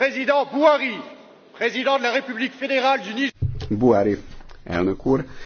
Président Buhari, président de la République fédérale du Niger.